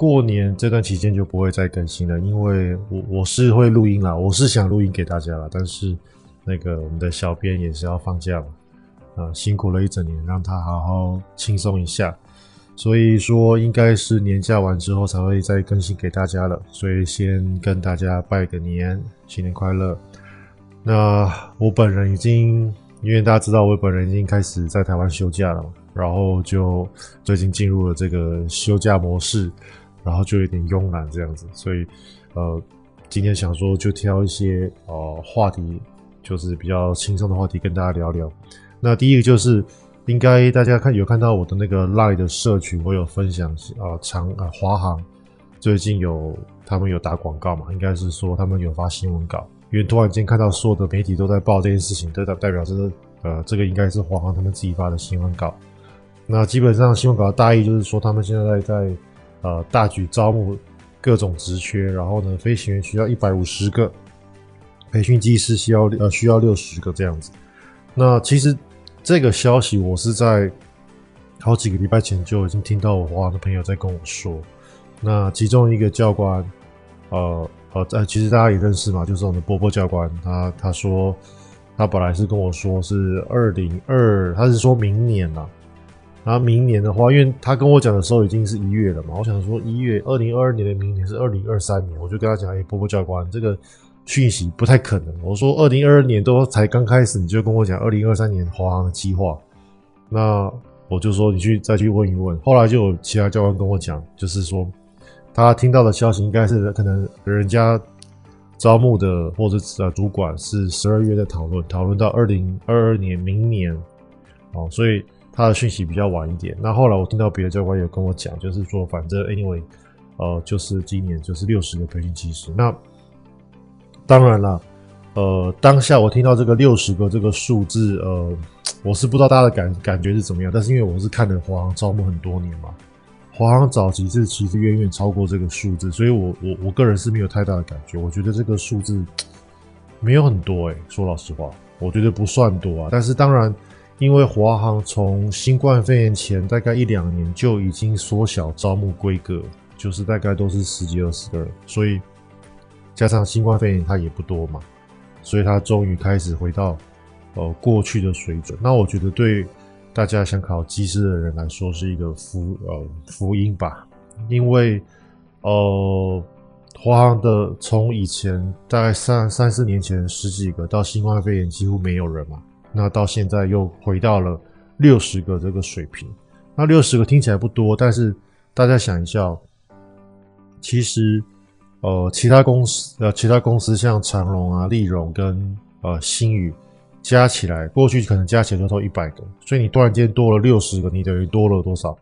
過年這段期間就不會再更新了，因為我我是會錄音啦，我是想錄音給大家啦，但是那個我們的小編也是要放假了，啊，呃，辛苦了一整年，讓他好好輕鬆一下，所以說應該是年假完之後才會再更新給大家了，所以先跟大家拜個年，新年快樂。那我本人已經，因為大家知道我本人已經開始在台灣休假了，然後就最近進入了這個休假模式。然後就有點慵懶這樣子，所以，呃，今天想說就挑一些呃話題，就是比較輕鬆的話題跟大家聊聊。那第一個就是，應該大家看有看到我的那個 Line 的社群，我有分享啊、呃、長啊、呃、華航最近有他們有打廣告嘛，應該是說他們有發新聞稿，因為突然間看到所有的媒體都在報這件事情，代表代表真的呃這個應該是華航他們自己發的新聞稿。那基本上新聞稿的大意就是說他們現在在。呃，大舉招募各種職缺，然後呢，飛行員需要一百五十個，培訓機師需要呃需要六十個這樣子。那其實這個消息我是在好幾個禮拜前就已經聽到我華航的朋友在跟我說。那其中一個教官，呃呃，在、呃、其實大家也認識嘛，就是我們的波波教官，他他說他本來是跟我說是二零二，他是說明年啦、啊。然後明年的話，因為他跟我講的時候已經是一月了嘛，我想說，一月二零二二年的明年是二零二三年，我就跟他講，哎，波波教官，這個訊息不太可能。我說二零二二年都才剛開始，你就跟我講二零二三年華航的計劃，那我就說你去再去問一問。後來就有其他教官跟我講，就是說他聽到的消息應該是可能人家招募的或者是呃主管是十二月在討論，討論到二零二二年明年，哦，所以。他的訊息比較晚一點，那後來我聽到別的教官有跟我講，就是說反正 anyway，呃，就是今年就是六十個培訓機師。那當然了，呃，當下我聽到這個六十個這個數字，呃，我是不知道大家的感感覺是怎麼樣。但是因為我是看的華航招募很多年嘛，華航早幾次其實遠遠超過這個數字，所以我，我我我個人是沒有太大的感覺。我覺得這個數字沒有很多，欸，誒，說老實話，我覺得不算多啊。但是當然。因為華航從新冠肺炎前大概一兩年就已經縮小招募規格，就是大概都是十幾二十個人，所以加上新冠肺炎它也不多嘛，所以它終於開始回到呃過去的水準。那我覺得對大家想考機師的人來說是一個福呃福音吧，因為呃華航的從以前大概三三四年前十幾個到新冠肺炎幾乎沒有人嘛。那到現在又回到了六十個這個水平。那六十個聽起來不多，但是大家想一下，其實呃，其他公司呃，其他公司像長榮啊、立榮跟呃星宇加起來，過去可能加起來就到一百個。所以你突然間多了六十個，你等於多了多少？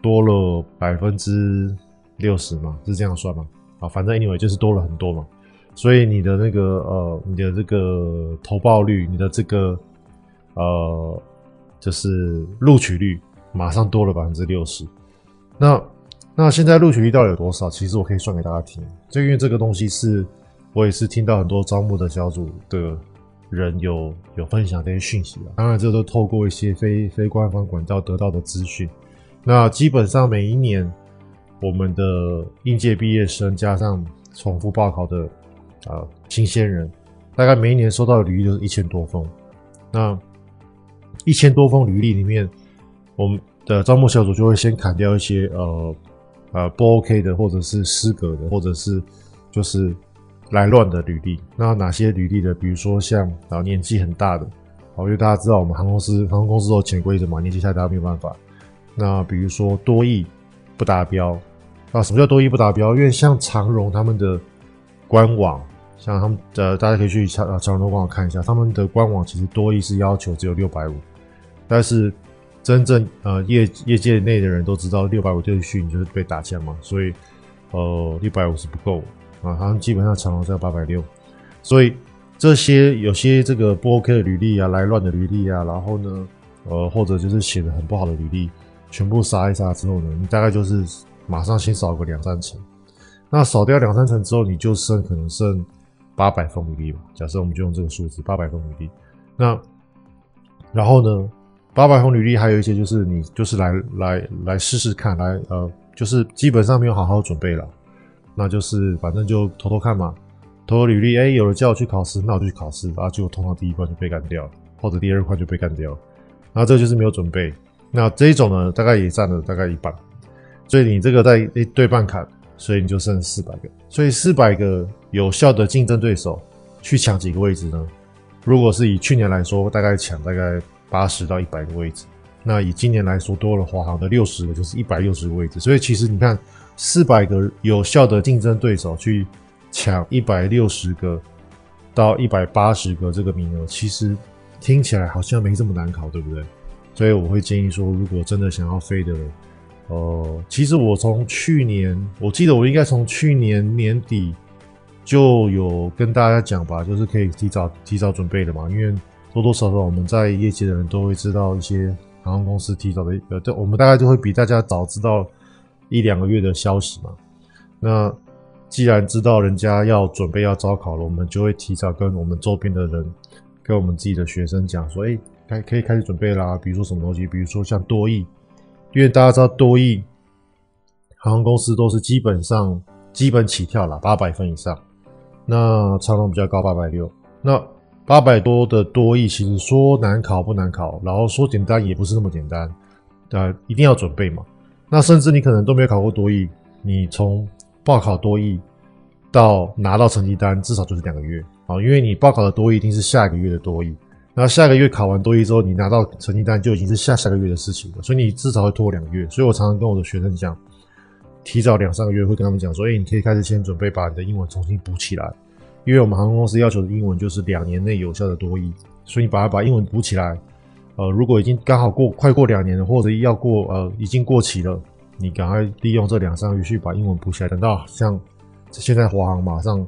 多了百分之六十嘛？是這樣算嘛，啊，反正 anyway 就是多了很多嘛。所以你的那個呃，你的這個投報率，你的這個。呃，就是錄取率馬上多了百分之六十。那那現在錄取率到底有多少？其實我可以算給大家聽。就因為這個東西是我也是聽到很多招募的小組的人有有分享這些訊息。當然，這都透過一些非非官方管道得到的資訊。那基本上每一年我們的應屆畢業生加上重複報考的啊、呃、新鮮人，大概每一年收到的履歷都是一千多封。那一千多封履歷裡面，我們的招募小組就會先砍掉一些呃呃不 OK 的，或者是失格的，或者是就是來亂的履歷。那哪些履歷的？比如說像啊年紀很大的，好，因為大家知道我們航空公司航空公司都有潛規則嘛，年紀太大沒有辦法。那比如說多益不達標啊，那什麼叫多益不達標？因為像長榮他們的官網，像他們的、呃、大家可以去長長榮的官網看一下，他們的官網其實多益是要求只有六百五。但是，真正呃業業界內的人都知道，六百五這個你就是被打槍嘛，所以，呃，六百五是不夠啊，好、呃、像基本上長榮是要八百六，所以這些有些這個不 OK 的履歷啊，來亂的履歷啊，然後呢，呃，或者就是寫的很不好的履歷，全部殺一殺之後呢，你大概就是馬上先掃個兩三層，那掃掉兩三層之後，你就剩可能剩八百份履歷吧，假設我們就用這個數字，八百份履歷，那然後呢？八百紅履歷，還有一些就是你就是來來來試試看，來，呃，就是基本上沒有好好準備了，那就是反正就偷偷看嘛，偷偷履歷，哎、欸，有人叫我去考試，那我就去考試，然後結果通到第一關就被幹掉了，或者第二關就被幹掉，那這就是沒有準備。那這一種呢，大概也佔了大概一半，所以你這個在一對半砍，所以你就剩四百個，所以四百個有效的競爭對手去搶幾個位置呢？如果是以去年來說，大概搶大概。八十到一百個位置，那以今年來說多了，華航的六十個就是一百六十個位置，所以其實你看，四百個有效的競爭對手去搶一百六十個到一百八十個這個名額，其實聽起來好像沒這麼難考，對不對？所以我會建議說，如果真的想要飛的，呃，其實我從去年，我記得我應該從去年年底就有跟大家講吧，就是可以提早，提早準備的嘛，因為。多多少少，我們在業界的人都會知道一些航空公司提早的，呃，對，我們大概就會比大家早知道一兩個月的消息嘛。那既然知道人家要準備要招考了，我們就會提早跟我們周邊的人，跟我們自己的學生講說，誒，開可以開始準備啦。比如說什麼東西，比如說像多益，因為大家知道多益航空公司都是基本上基本起跳了八百分以上，那差分比較高，八百六，那。八百多的多益，其實說難考不難考，然後說簡單也不是那麼簡單，呃，一定要準備嘛。那甚至你可能都沒有考過多益，你從報考多益到拿到成績單，至少就是兩個月啊，因為你報考的多益一定是下一個月的多益，那下個月考完多益之後，你拿到成績單就已經是下下個月的事情了，所以你至少會拖兩個月。所以我常常跟我的學生講，提早兩三個月會跟他們講，所以你可以開始先準備，把你的英文重新補起來。因為我們航空公司要求的英文就是兩年內有效的多益，所以你把它把英文補起來。呃，如果已經剛好過快過兩年了，或者要過呃已經過期了，你趕快利用這兩三個月去把英文補起來。等到像現在華航馬上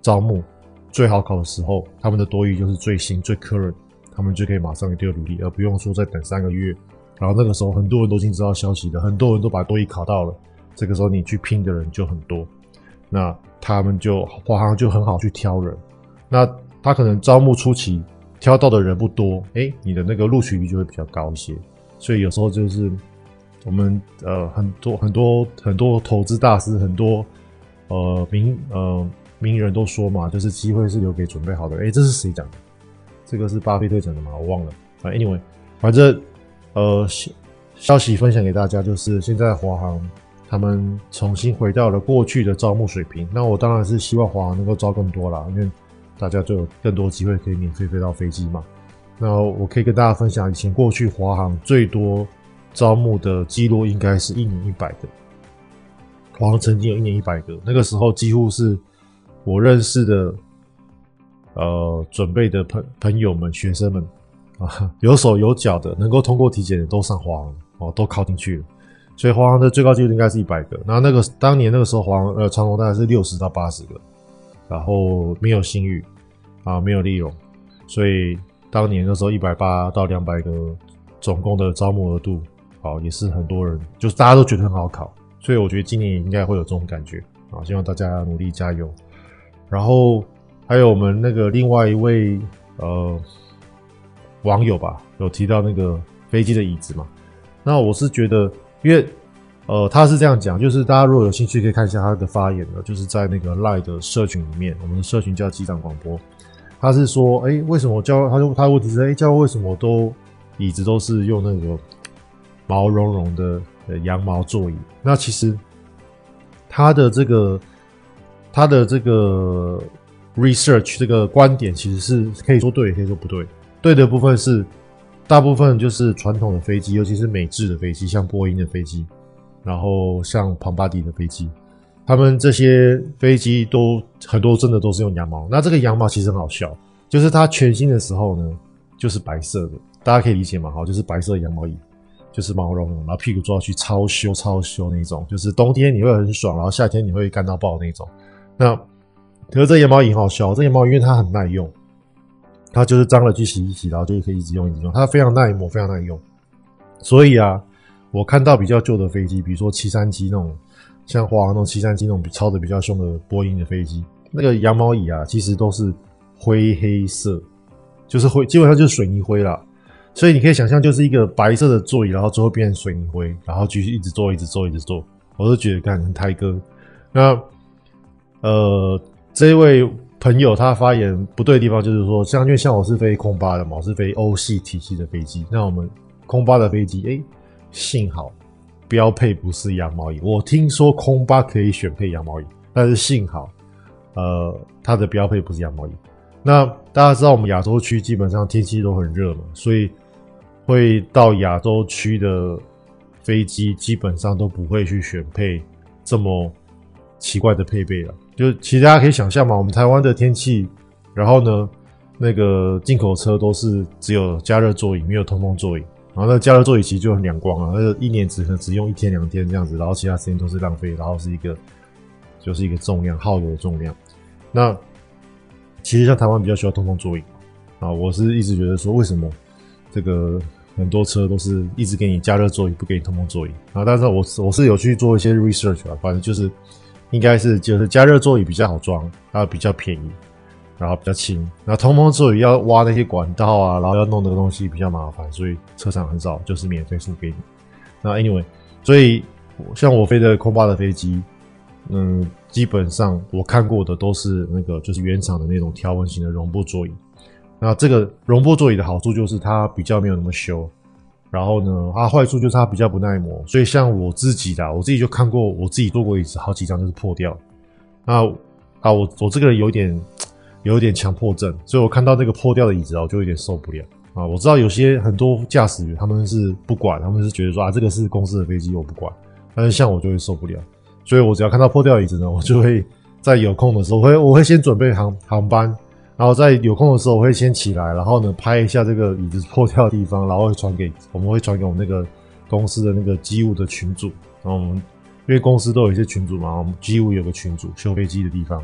招募最好考的時候，他們的多益就是最新最 current，他們就可以馬上一定要努力，而不用說再等三個月。然後那個時候很多人都已經知道消息了，很多人都把多益考到了，這個時候你去拼的人就很多。那他們就華航就很好去挑人，那他可能招募初期挑到的人不多，哎，你的那個錄取率就會比較高一些。所以有時候就是我們呃很多很多很多投資大師，很多呃名呃名人都說嘛，就是機會是留給準備好的。哎，這是誰講的？這個是巴菲特講的嗎？我忘了啊。anyway，反正呃消消息分享給大家，就是現在華航。他們重新回到了過去的招募水平。那我當然是希望華航能夠招更多啦，因為大家就有更多機會可以免費飛到飛機嘛。那我可以跟大家分享，以前過去華航最多招募的記錄應該是一年一百個。華航曾經有一年一百個，那個時候幾乎是我認識的，呃，準備的朋朋友們、學生們啊，有手有腳的能夠通過體檢的都上華航哦，啊，都考進去了。所以華航的最高紀錄應該是一百個，然後那個當年那個時候華航、呃長榮大概是六十到八十個，然後沒有星宇啊，沒有立榮，所以當年那個時候一百八到兩百個，總共的招募額度啊，也是很多人，就是大家都覺得很好考，所以我覺得今年應該會有這種感覺啊，希望大家努力加油。然後還有我們那個另外一位呃網友吧，有提到那個飛機的椅子嘛，那我是覺得。因為，呃，他是這樣講，就是大家如果有興趣可以看一下他的發言的，就是在那個 Line 的社群裡面，我們的社群叫機長廣播。他是說，哎、欸，為什麼教，他說他的問題是，哎、欸，教為什麼都椅子都是用那個毛茸茸的呃羊毛座椅。那其實他的這個他的這個 research 這個觀點，其實是可以說對，也可以說不對。對的部分是，大部分就是傳統的飛機，尤其是美制的飛機，像波音的飛機，然後像龐巴迪的飛機，他們這些飛機都很多，真的都是用羊毛。那這個羊毛其實很好笑，就是它全新的時候呢，就是白色的，大家可以理解嘛，好，就是白色的羊毛椅，就是毛茸茸，然後屁股坐上去超修超修那種，就是冬天你會很爽，然後夏天你會乾到爆的那種。那可是這羊毛椅好笑，這個、羊毛椅因為它很耐用。它就是髒了去洗一洗，然後就可以一直用，一直用。它非常耐磨，非常耐用。所以啊，我看到比較舊的飛機，比如說七三七那種，像華航那種七三七那種操得比較兇的波音的飛機，那個羊毛椅啊，其實都是灰黑色，就是灰，基本上就是水泥灰啦。所以你可以想象，就是一個白色的座椅，然後最後變成水泥灰，然後繼續一,一直坐，一直坐，一直坐。我都覺得，感覺很胎哥。那呃，這一位。朋友，他發言不對的地方就是說，像因為像我是飛空巴的嘛，我是飛歐系體系的飛機。那我們空巴的飛機，誒、欸，幸好標配不是羊毛椅。我聽說空巴可以選配羊毛椅，但是幸好，呃，它的標配不是羊毛椅。那大家知道我們亞洲區基本上天氣都很熱嘛，所以會到亞洲區的飛機基本上都不會去選配這麼奇怪的配備了。就其實大家可以想象嘛，我們台灣的天氣，然後呢，那個進口車都是只有加熱座椅，沒有通風座椅。然後那個加熱座椅其實就很兩光啊，那個，一年只可能只用一天兩天這樣子，然後其他時間都是浪費。然後是一個，就是一個重量耗油的重量。那其實像台灣比較需要通風座椅啊，我是一直覺得說，為什麼這個很多車都是一直給你加熱座椅，不給你通風座椅？啊，但是我是我是有去做一些 research 啊，反正就是。應該是就是加熱座椅比較好裝，然後比較便宜，然後比較輕。那通風座椅要挖那些管道啊，然後要弄那個東西比較麻煩，所以車上很少就是免費送給你。那 anyway，所以像我飛的空巴的飛機，嗯，基本上我看過的都是那個就是原廠的那種條紋型的絨布座椅。那這個絨布座椅的好處就是它比較沒有那麼修。然後呢，它、啊、壞處就是它比較不耐磨，所以像我自己啦，我自己就看過，我自己坐過椅子好幾張就是破掉。那啊，我我這個人有點有點強迫症，所以我看到那個破掉的椅子啊，我就有點受不了。啊，我知道有些很多駕駛員他們是不管，他們是覺得說啊，這個是公司的飛機，我不管。但是像我就會受不了，所以我只要看到破掉椅子呢，我就會在有空的時候，我會我會先準備航航班。然後在有空的時候，我會先起來，然後呢，拍一下這個椅子破掉的地方，然後會傳給我們，會傳給我們那個公司的那個機務的群組。然後我們因為公司都有一些群組嘛，我們機務有個群組，修飛機的地方，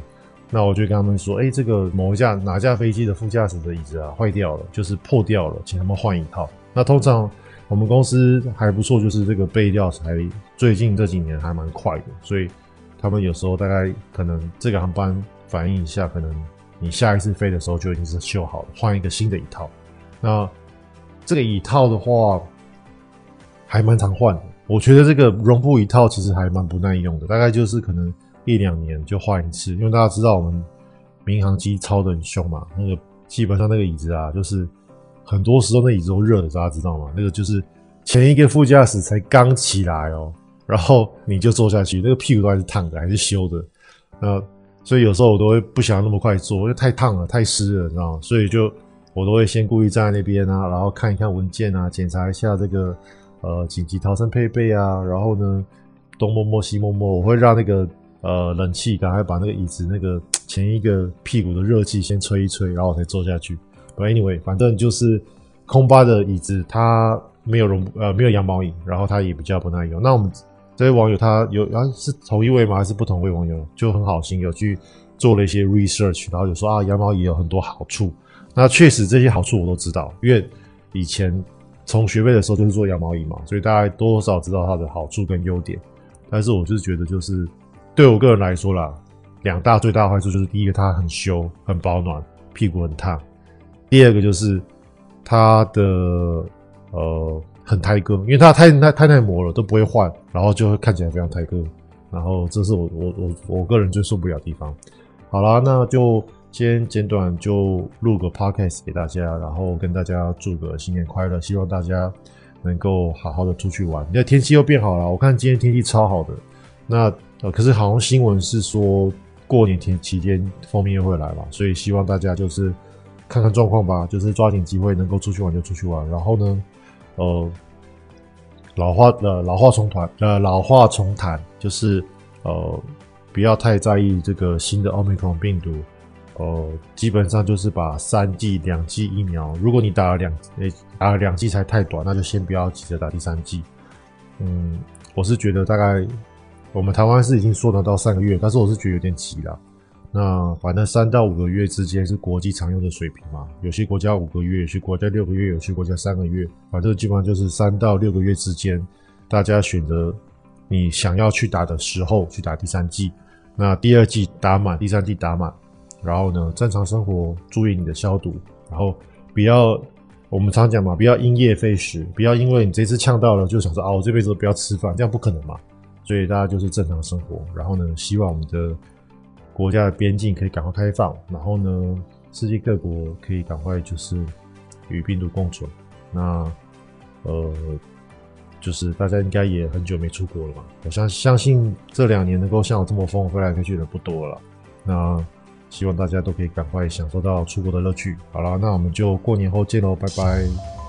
那我就跟他們說，哎，這個某一架哪架飛機的副駕駛的椅子啊壞掉了，就是破掉了，請他們換一套。那通常我們公司還不錯，就是這個備料才最近這幾年還蠻快的，所以他們有時候大概可能這個航班反映一下，可能。你下一次飛的時候就已經是修好了，換一個新的椅套。那這個椅套的話，還蠻常換的。我覺得這個絨布椅套其實還蠻不耐用的，大概就是可能一兩年就換一次。因為大家知道我們民航機操得很凶嘛，那個基本上那個椅子啊，就是很多時候那個椅子都熱的，大家知道嗎？那個就是前一個副駕駛才剛起來哦，然後你就坐下去，那個屁股都還是燙的，還是修的。那所以有時候我都會不想那麼快坐，因為太燙了、太濕了，你知道嗎？所以就我都會先故意站在那邊啊，然後看一看文件啊，檢查一下這個呃緊急逃生配備啊，然後呢東摸摸西摸摸，我會讓那個呃冷氣趕快把那個椅子那個前一個屁股的熱氣先吹一吹，然後我才坐下去。But anyway，反正就是空巴的椅子，它沒有絨呃沒有羊毛椅，然後它也比較不耐用。那我們。這些網友他有啊，是同一位嗎？還是不同位網友就很好心，有去做了一些 research，然後有說啊羊毛椅，有很多好處。那確實這些好處我都知道，因為以前從學飛的時候就是做羊毛椅嘛，所以大概多少知道它的好處跟優點。但是我就是覺得就是對我個人來說啦，兩大最大的壞處就是第一個它很修很保暖，屁股很燙；第二個就是它的呃。很胎哥，因為他太太太，太太耐磨了都不會換，然後就看起來非常胎哥，然後這是我我我我個人最受不了的地方。好啦，那就今天簡短就錄個 podcast 給大家，然後跟大家祝個新年快樂，希望大家能夠好好的出去玩。那天氣又變好了，我看今天天氣超好的。那呃，可是好像新聞是說過年前期間鋒面會來嘛，所以希望大家就是看看狀況吧，就是抓緊機會能夠出去玩就出去玩，然後呢？呃，老話呃老話重談，呃老話重談就是呃不要太在意這個新的 Omicron 病毒，呃基本上就是把三劑兩劑疫苗，如果你打了兩、欸、打了兩劑才太短，那就先不要急着打第三劑。嗯，我是覺得大概我們台灣是已經縮短到三個月，但是我是覺得有點急了。那反正三到五個月之間是國際常用的水平嘛，有些國家五個月，有些國家六個月，有些國家三個月，反正基本上就是三到六個月之間，大家選擇你想要去打的時候去打第三劑。那第二劑打滿，第三劑打滿，然後呢，正常生活，注意你的消毒，然後不要我們常講嘛，不要因噎廢食，不要因為你這次嗆到了就想說啊、哦，我這輩子都不要吃飯，這樣不可能嘛。所以大家就是正常生活，然後呢，希望我們的。國家的邊境可以趕快開放，然後呢，世界各國可以趕快就是與病毒共存。那呃，就是大家應該也很久沒出國了吧，我相相信這兩年能夠像我這麼瘋飛來飛去的不多了。那希望大家都可以趕快享受到出國的樂趣。好了，那我們就過年後見嘍，拜拜。